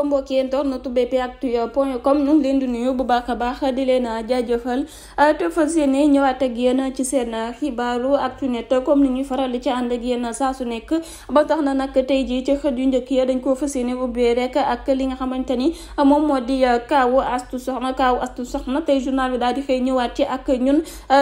ko mbokk yéen toog na tubbee bi actu point com ñu ngi leen di nuyu bu baax a baax di leen jaajëfal te ak tu ci seen xibaaru comme ni ñuy faral ci ànd ak yéen su nekk ba tax na nag tey jii ci xët yu njëkk dañ koo fas yéene ubbee rek ak li nga xamante ni moom moo di kaawu astu soxna kaawu astu soxna tey journal bi daal di xëy ñëwaat ci ak ñun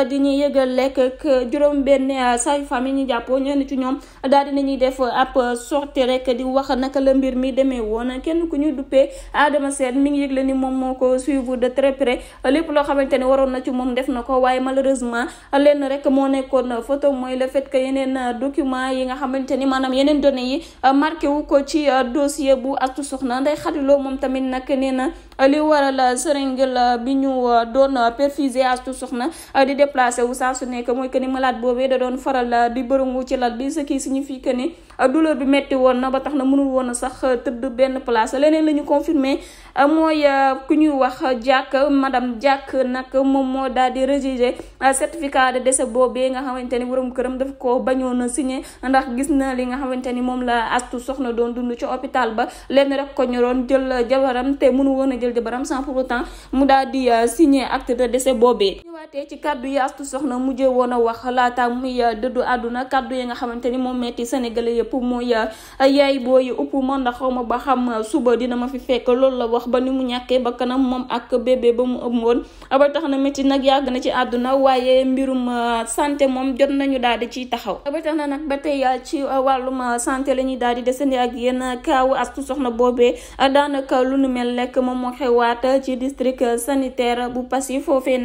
di ñuy yëgal lekk ak juróom-benn say famille ñu jàppoo ñenn ci ñoom daal di nañuy def ab sortie rek di wax naka la mbir mi demee woon kenn ku ñu ñuy duppee Adama Sène mi ngi yëgle ni moom moo ko suivre de très près lépp loo xamante ni waroon na ci moom def na ko waaye malheureusement lenn rek moo nekkoon photo mooy le fait que yeneen document yi nga xamante ni maanaam yeneen données yi marqué wu ko ci dossier bu Astou Sokhna Ndeye Khady Lo moom tamit nag nee na li waral seringal bi ñu doon perfusé Astou Sokhna di déplacé wu saa su nekk mooy que ni malade boobee da doon faral di bërëngu ci lal bi ce si signifie que ni Euh, douleur bi metti woon na ba tax na mënul woon sax euh, tëdd benn place leneen la ñu confirmé euh, mooy ku ñuy wax jàkk madame jàkk nag moom moo daal di rédigé certificat de décès boobee nga xamante ni borom këram daf ko bañoon a signé ndax gis na li nga xamante ni moom la astu soxna doon dund ca hôpital ba lenn rek ko ñoroon jël jabaram te mënu woon a jël jabaram sans pour autant mu daal di signé acte de décès boobee ñëwaatee ci kàddu yi Astou Sokhna mujjee woon a wax laata muy euh, dëddu àdduna kàddu yi nga xamante ni moom metti sénégalais yëpp mooy euh, yaay boo booy upp man ndax xaw ma ba xam euh, suba dina ma fi fekk loolu la wax ba ni mu ñàkkee ba kanam moom ak bébé ba mu ëmb woon ba tax na métti nag yàgg na ci àdduna waaye mbirum santé moom jot nañu daal di ciy taxaw ba tax na nag ba tey ci wàllum santé la ñuy daal di desandi ak yéen kaaw Astou Sokhna boobee daanaka lu nu mel lekk moom moo xewaat ci district sanitaire bu Passy foofee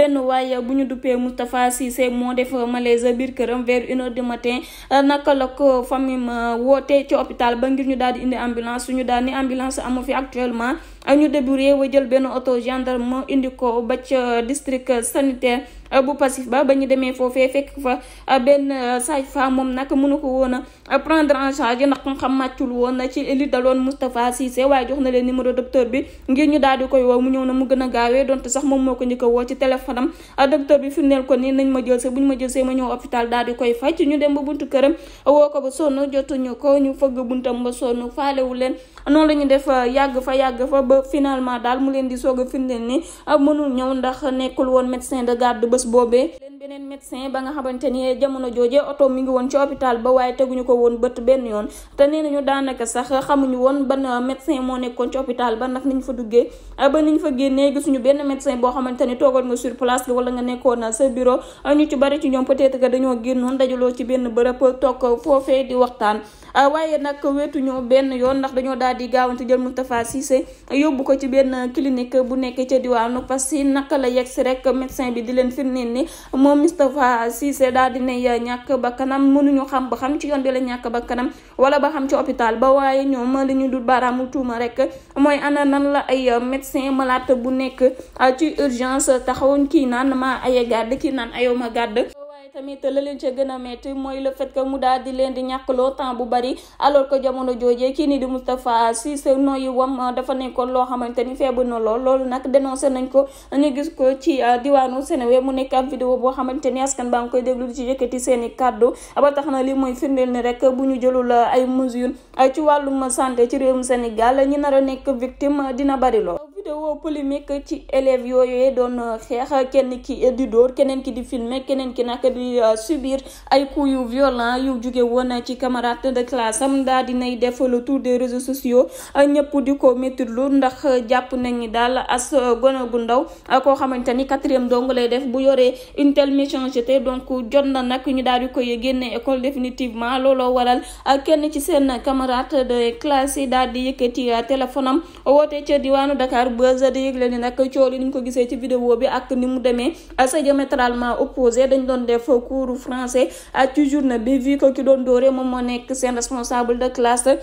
benn waay bu ñu duppee Moustapha Cissé moo def malaise biir këram vers une heure matin euh, naka la ko famille wootee ci hôpital ba ngir ñu daal di indi ambulance suñu daal ni ambulance amu fi actuellement ak ñu débrouillé wa jël benn auto gendarme indi ko ba ca district sanitaire Euh, bu passif ba ba ñu demee foofee fekk fa euh, benn euh, sage-femme moom nag mënu ko woon a prendre en charge ndax xam màccul woon na ci li daloon Moustapha Cissé waaye jox na leen numéro docteur bi ngir ñu daal di koy woo mu ñëw na mu gën a gaawee donte sax moom moo ko njëkk a woo ci téléphone am docteur bi firndeel ko ni nañ ma jël see bu ñu ma jël ma ñëw hôpital daal di koy faj ñu dem ba buntu këram woo ko ba sonn jotuñu ko ñu fëgg buntam ba sonn faalewu leen noonu la def euh, yàgg fa yàgg fa ba finalement daal mu leen di soog a firndeel ni euh, mënul ñëw ndax nekkul woon médecin de garde bés boobee leen beneen médecin ba nga xamante ni jamono jooje oto mi ngi woon ci hôpital ba waaye teguñu ko woon bët benn yoon te nee ñu daanaka sax xamuñu woon ban euh, médecin moo nekkoon ci hôpital ba ndax niñ fa duggee ba niñ fa génnee gisuñu benn médecin boo xamante ni toogoon nga sur place ga wala nga nekkoon sa bureau ñu ci bari ci ñoom peut-être que dañoo génnoon dajaloo ci benn bërëb toog foofee di waxtaan Ah, waaye nag wetuñu benn yoon ndax dañoo daal di gaawante jël Moustapha Cissé yóbbu ko ci benn clinique bu nekk ca diwaanu parce que naka la yegg si rek médecin bi di leen firndeel ni moom Moustapha Cissé daal di nay ñàkk ba kanam mënuñu xam ba xam ci yoon bi la ñàkk ba kanam wala ba xam ci hôpital ba waaye ñoom li du dul tuuma rek mooy ana nan la ay médecin malade bu nekk ci urgence taxawuñ kii naan maa aye gàdd kii naan ayoo ma gàdd tamit la leen ca gën a métti mooy le fait que mu daal di leen di ñàkkloo temps bu bari alors que jamono joojee kii nii di Moustapha Cissé nooyi wam euh, dafa nekkoon loo xamante ni feebar na lool loolu nag dénoncé nañ ko ñu gis ko ci euh, diwaanu Sénégal mu nekk ab vidéo boo xamante ni askan baa ngi koy déglu di ci yëkkati seen i kàddu ba tax na lii mooy firndeel ni rek bu ñu jëlul euh, ay mesures ci wàllum santé ci réewum Sénégal ñi nar a nekk victime dina bari vidéo polémique ci élèves yooyu doon euh, xeex kenn ki di dóor keneen ki di filmer keneen ki nag di euh, subir ay coups yu violent yu jóge woon ci camarade de classe am daal dinay def le tour des réseaux sociaux euh, ñëpp di ko méttilu ndax jàpp nañu daal as gone gu ndaw koo xamante ni quatrième dong lay def bu yoree une telle méchanceté donc jot na nag ñu daal di koy génne école définitivement looloo waral kenn ci seen camarade de classe yi daal di yëkkati téléphone am woote ca diwaanu Dakar. Dakarbuzz di yëgle ni nag cool ni ñu ko gisee ci vidéo bi ak ni mu demee c'est diamétralement opposé dañ doon def cours français ci journée bi vu que ki doon dóoree moom moo nekk seen responsable de classe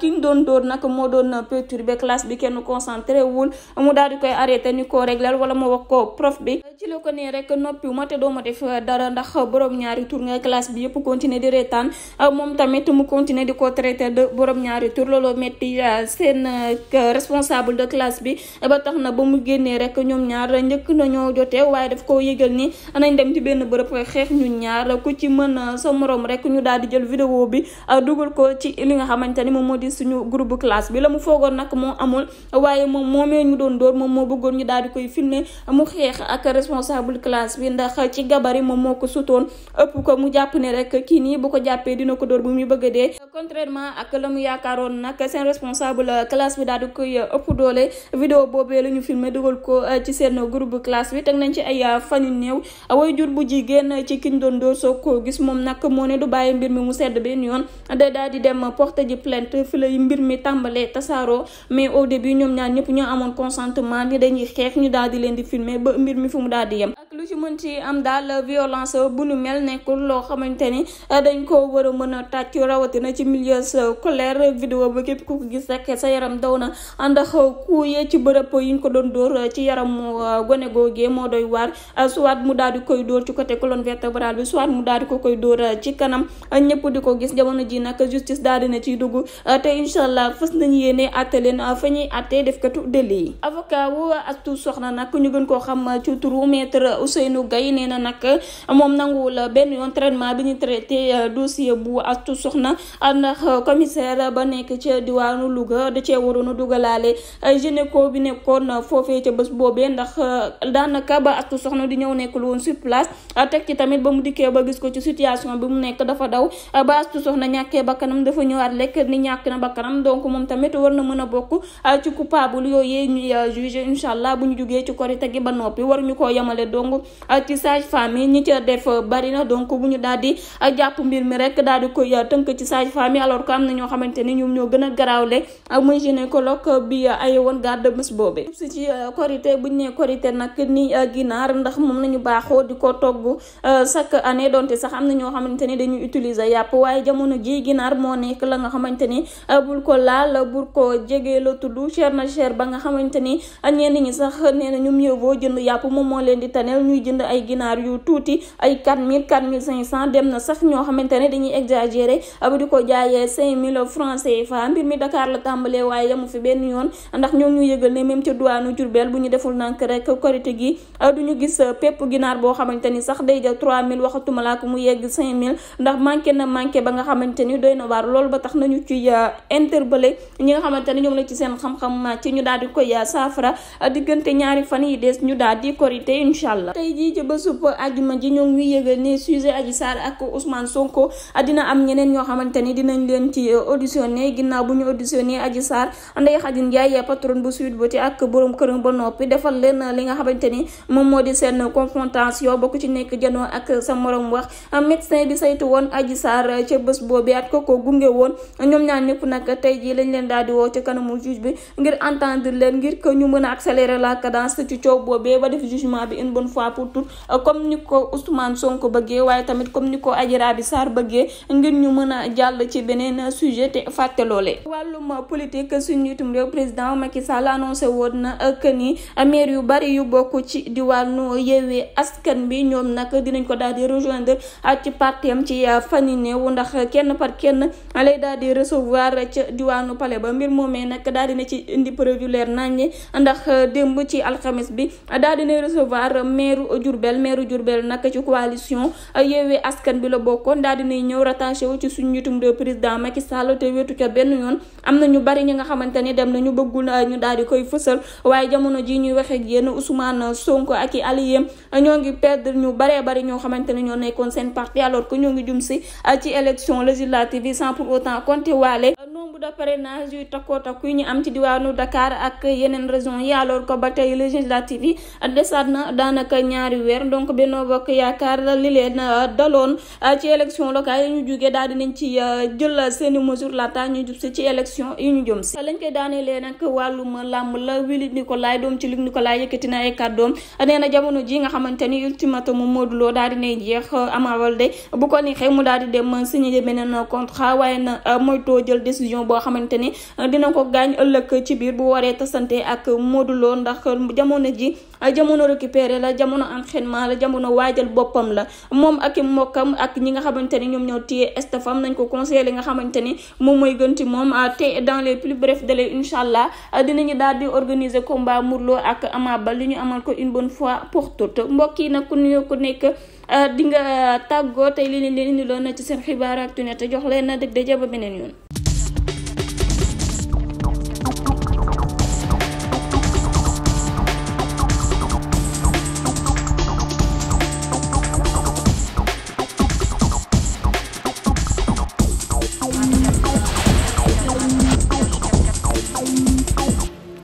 ki ñu doon dóor nag moo doon perturbé classe bi kenn concentré wul mu daal di koy arrêté ni ko réglal wala mu wax ko prof bi ci la ko nee rek noppiwu ma te doo ma def euh, dara ndax borom ñaari tur nga classe bi yëpp continuer di reetaan euh, moom tamit mu continuer di ko traité de borom ñaari tur looloo metti euh, seen responsable de classe bi ba tax na ba mu génnee rek ñoom ñaar njëkk na ñoo jotee waaye koo yëgal ni nañ dem ci benn bërëb xeex ñu ñaar ku ci mën sa morom rekk ñu daal di jël vidéo bi dugal ko ci li nga xamante ni moom moo di suñu groupe classe bi la mu foogoon nag moo amul waaye moom moomee ñu doon dóor moom moo bëggoon ñu daal di koy filmer mu xeex ak responsable classe bi ndax ci gabari moom moo ko sutoon ëpp ko mu jàpp ne rek kii nii bu ko jàppee dina ko dóor bu muy bëgg a dee contrairement ak la mu yaakaaroon nag seen responsable classe bi daal di koy ëpp doole vidéo boobee la ñu filmé dugal ko ci seen groupe classe bi teg nañ ci ay fan néew way jur bu jigéen ci kiñ doon dóor soo ko gis moom nag moo ne du bàyyi mbir mi mu sedd benn yoon day daal dem porte ji plainte fi lay mbir mi tàmbalee tasaaroo daadiyam lu ci mën ci am daal violence bu nu mel nekkul loo xamante ni eh, dañ ko war a mën a tàcc rawatina ci milieu scolaire vidéo ba képp ku ko gis rek sa yaram daw na ndax kuye ci bërëb yi ñu ko doon dóor ci yaramu eh, gone googee moo doy war eh, soit mu daal di koy dóor ci côté colonne vertébrale bi soit mu daal di ko koy dóor ci kanam ñëpp di ko gis jamono ji nag justice daal na ciy dugg te incha allah fës nañu yéene àtte leen fa ñuy àttee def katu délit yi avocat wu Astou Sokhna nag ñu gën koo xam ci turu maître Ousseynou Gaye nee na nag moom nanguwul benn yoon bi ñu traité euh, dossier bu Astu Soxna ndax commissaire ba nekk ca diwaanu Louga da cee waroon a dugalaale euh, gynéco bi nekkoon foofee ca bés boobee ndax euh, daanaka ba Astu Soxna di ñëw nekkul woon sur place teg ci tamit ba mu dikkee ba gis ko ci situation bi mu nekk dafa daw ba Astu Soxna ñàkkee bakkanam dafa ñëwaat lekk ni ñàkk na bakkanam donc moom tamit war na mën a bokk ci coupable yooyu ñuy juge incha allah bu ñu jugee ci korite gi ba noppi waruñu koo yemale donc song ci ah, sage femme yi ñi ca def ah, bari na donc bu ñu daal di ah, jàpp mbir mi rek daal di koy tënk ci sage femme yi alors que am na ñoo xamante ni ñoom ñoo gën a garaawle muy gynécologue bi ay woon garde bés boobee si ci korité bu ñu nee korité nag ni ginaar ndax moom nañu baaxoo di ko togg chaque année donte sax am na ñoo xamante ni dañuy utiliser yàpp waaye jamono ji ginaar moo nekk la nga xamante ni bul ko laal bul ko jege la tudd cher na cher ba nga xamante ni ñenn ñi sax nee ñu mieux vaut jënd yàpp moom moo leen di taneel ñuy jënd ay ginaar yu tuuti ay 4000 cent dem na sax ñoo xamante ne dañuy exagéré ba di ko jaayee 5000 francs CFA mbir mi Dakar la tàmbalee waaye yamu fi benn yoon ndax ñoo ñu yëgal ne même ca duwaanu Jurbel bu ñu deful nank rek korite gi ah, du ñu gis euh, pépp ginaar boo xamante ni sax day jël 3000 waxatuma laa ko mu yegg 5000 ndax manqué na manqué ba nga xamante ni doy na waar loolu ba tax nañu ci euh, interpellé ñi nga xamante ne ñoom la ci seen xam-xam ci ñu daal di koy euh, saafara ah, diggante ñaari fan yi des ñu daal di korite incha allah ba tey jii ji ñoo ngi yëgal ne sujet Adji Sarr ak am ñeneen ñoo xamante ni dinañ leen ci auditionné ginnaaw bu ñu auditionné Adji Sarr Ndeye Khady Ndiaye patron bu Sweet Beauté ba noppi defal leen li nga xamante ni moom moo di seen confrontation ba ku ci nekk janoo ak sa morom wax médecin bi saytu woon Adji Sarr ca bés boobu at ko ko gunge woon ñoom ñaar ñëpp nag tey jii lañ leen daal di woo ci kanamu juge bi ngir entendre leen ngir que ñu mën a accélérer la cadence ci coow boobee ba def jugement bi une bonne fois pour tout ni ko Ousmane Sonko bëggee waaye tamit comme ni ko Adji Raby Sarr bëggee ngir ñu mën a jàll ci beneen sujet te fàtte loolee. wàllum politique suñu itam réew président Macky Sall annoncé woon na que ni maire yu bari yu bokk ci diwaanu Yewwi Askan bi ñoom nag dinañ ko daal di rejoindre ci partem ci fan yi néew ndax kenn par kenn lay daal di recevoir ca diwaanu pale ba mbir moomee nag daal na ci indi preuve yu leer ndax démb ci alxames bi daal dina recevoir maire meeru Diourbel meeru Diourbel nag ci coalition Yewwi Askan bi la bokkoon daal dinay ñëw rattaché wu ci suñu njiitum de président Macky Sall te wetu ca benn yoon am na ñu bari ñu nga xamante ni dem nañu bëggul ah, ñu daal di koy fësal waaye jamono ji ñuy waxee ak yéen Ousmane Sonko ak i alliés ñoo ngi perdre ñu baree bari ñoo xamante ne ñoo nekkoon seen parti alors que ñoo ngi jum si ah, ci élection législative yi sans pour autant compter waale de parrainage yuy takkoo takku ñu am ci diwaanu dakaar ak yeneen régions yi alors que ba tey législative yi desaat na daanaka ñaari weer donc Benno Bokk Yaakaar li leen euh, daloon euh, ci élection locale yi ñu jugee daal dinañ ci euh, jël seeni mesure laata ñu jub si ci élection yi ñu jëm si lañ koy daanelee nag wàllum làmb la Willy Nicolai doom ci Luc Nicolai yëkkati na ay kàddoom nee na jamono ji nga xamante ni ultimatum Modou Lo daal dinay jeex Ama Baldé bu ko neexee mu daal di dem signé beneen contrat waaye na moytoo jël décision boo xamante ni euh, dina ko gaañ ëllëg ci biir bu waree tasante ak Modou Lo ndax jamono ji euh, jamono récupéré la jamono entraînement la jamono waajal boppam la moom ak i mbokkam ak ñi nga xamante ni ñoom ñoo téye estafam nañ ko conseillé li nga xamante ni moom mooy gën ci moom euh, te dans les plus brefs délais incha allah dinañu daal di organiser combat Modou Lo ak Ama Baldé ñu amaal ko une bonne fois pour toutes mbokk yi nag ku nuyoo ku nekk di nga tàggoo tey li leen leen indiloon na ci seen xibaar ak tunet jox leen na dëgg daje beneen yoon.